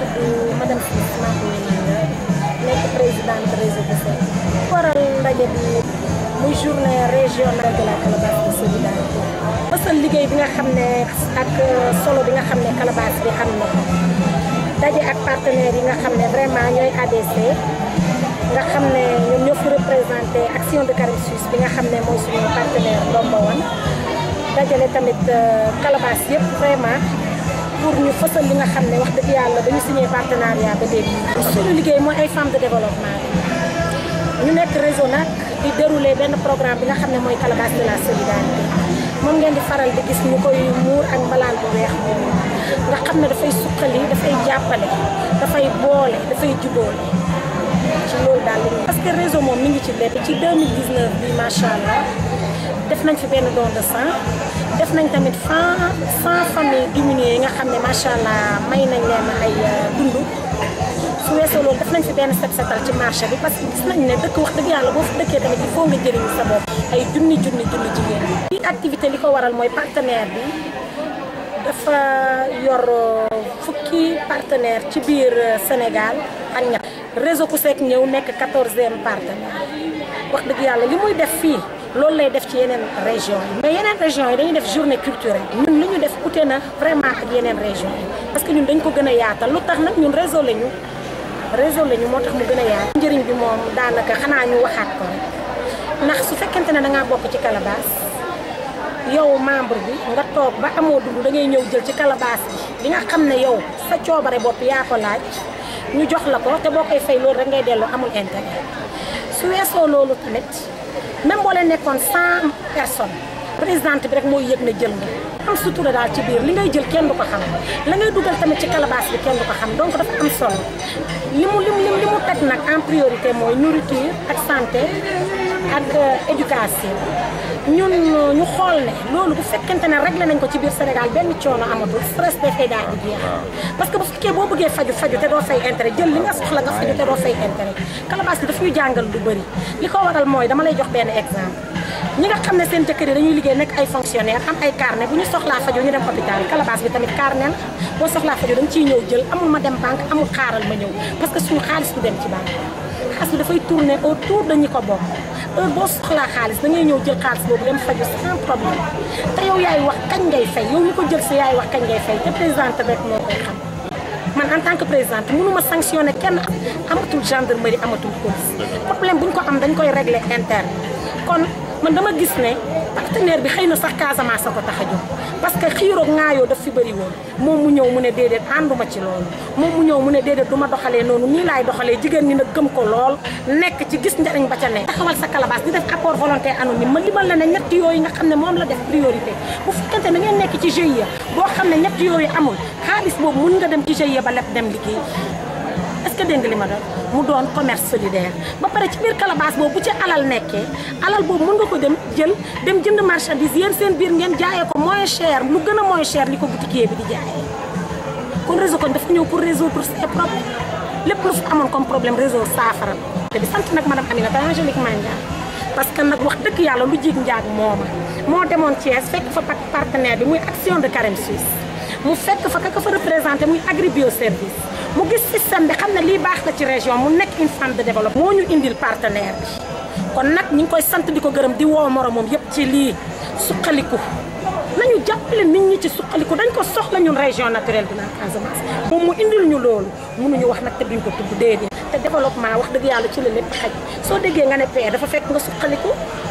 do madam Smith maa ngi koy nekk présidente réseau de Sèye. waral ndaje bi muy journée régionale de la calebasse de bi nga ak solo bi nga xam ne bi xam na ak nga vraiment ADC nga xam ne ñoo fi représenté action de Carême Suisse bi nga xam ne suñu partenaire number dajale tamit vraiment. pour ñu fësal li nga xam ne wax dëgg yàlla dañu signé partenariat ba léegi. suñu liggéey mooy ay femmes de développement ñu nekk réseau na di déroulé benn programme bi nga xam ne mooy calebasse de la solidarité moom ngeen di faral di gis ñu koy muur ak mbalaan bu weex moomu nga xam ne dafay suqali dafay jàppale dafay boole dafay jubóole ci loolu daal parce que réseau moom mi ngi ci lépp ci 2019 bi macha allah. def nañ fi benn don de sang def nañ tamit cent cent famille diminuées yi nga xam ne macha allah may nañ leen ay dund su weesoo loolu def nañ fi benn set setal ci marché bi parce que gis nañ ne dëkk wax dëgg yàlla boo fi dëkkee tamit il faut nga jëriñ sa bopp ay junni junni junni jigéen bi activité li ko waral mooy partenaire bi dafa yor fukki partenaire ci biir Sénégal ak ñett réseau ku seek ñëw nekk quatorzième partenaire wax dëgg yàlla li muy def fii loolu lay def ci yeneen région yi mais yeneen région yi dañuy def journée culturelle ñun li ñu def ute na vraiment ak yeneen région yi parce que ñun dañ ko gën a yaatal lu tax nag ñun réseau la ñu réseau ñu moo tax mu gën a yaat njëriñ bi moom daanaka xanaa ñu waxaat ko rek ndax su fekkente ne danga bokk ci calebasse yow membre bi nga toog ba amoo dund da ngay ñëw jël ci calebasse bi li nga xam ne yow sa coobare bopp yaa ko laaj ñu jox la ko te boo koy fay loolu rek ngay dellu amul intérêt su weesoo loolu tamit même boo nekkoon cent personnes présidente bi rek mooy yëg na jël nga am sutura daal ci biir li ngay jël kenn du ko xam la ngay dugal tamit ci calebasse bi kenn du ko xam donc dafa am solo li mu li mu li mu teg nag en priorité mooy nourriture ak santé ak euh, éducation ñun euh, ñu xool ne loolu bu fekkente ne rek nañ ko ci biir Sénégal benn coono amatul stress dafay daal di jeex parce que bu fekkee boo bëggee faju faju te doo fay intérêt jël li nga soxla nga faju daf ñu jàngal lu li ko waral mooy dama lay jox benn exemple nga xam ne seen jëkkër dañuy liggéey nekk ay fonctionnaire am ay carnet bu ñu soxlaa faju ñu dem hôpital Calabas bi tamit kaar la boo soxlaa faju dañ ciy ñëw jël amul ma dem banque amul xaaral ma ñëw parce que suñu xaalis du dem ci banque xaalis bi dafay tourner autour ko bokk heure boo soxlaa xaalis da ngay ñëw jël xaalis boobu dem faju sans problème te yow yaay wax kañ ngay fay yow mi ko jël si yaay wax kañ ngay fay te présidente rek moo koy xam man en tant que présidente mënuma sanctionné kenn amatul gendarmerie amatul police problème bu ñu ko am dañ koy réglé interne kon man dama gis ne partenaire bi xëy na sax Casamance a ko tax a jóg parce que xiiroog ŋaayoo daf fi woon moom mu ñëw mu ne déedéet ànduma ci loolu moom mu ñëw mu ne déedéet du ma doxalee noonu nii laay doxalee jigéen ñi nag gëm ko lool nekk ci gis njariñ ba ca nekk taxawal sa calebasse di def apport volontaire anonyme ma limal la ne ñett yooyu nga xam ne moom la def priorité bu fekkente ne ngeen nekk ci GIE boo xam ne ñett yooyu amul xaalis boobu mun nga dem ci GIE ba est-ce que dégg nga li ma doon mu doon commerce solidaire ba pare ci biir calebasse boobu bu ci alal nekkee alal boobu mën nga ko dem jël dem jënd marchandise yéen seen biir ngeen jaayee ko mooy cher lu gën a moins cher li ko boutiquier bi di jaayee kon réseau kon dafa ñëw pour résoudre ses problèmes lépp lu fi amoon comme problème réseau saafara te bi sant nag madame Aminata Angélique Mandiaye parce que nag wax dëgg yàlla lu jig njaag mooma moo demoon Thiès fekk fa partenaire bi muy action de Carême Suisse mu fekk fa ka ka fa représenté muy agri mu gis système bi xam ne lii baax na ci région mu nekk une de développement. moo ñu indil partenaire bi kon nag ñu ngi koy sant di ko gërëm di woo moromam yëpp ci lii suqaliku nañu jàppale nit ñi ci suqaliku dañ ko soxla ñun région naturelle bi naan Casamance. moom mu indil ñu loolu mënuñu wax nag te duñ ko tudd déedéet. te développement wax dëgg yàlla ci la lépp xaj soo déggee nga ne paix dafa fekk nga suqaliku.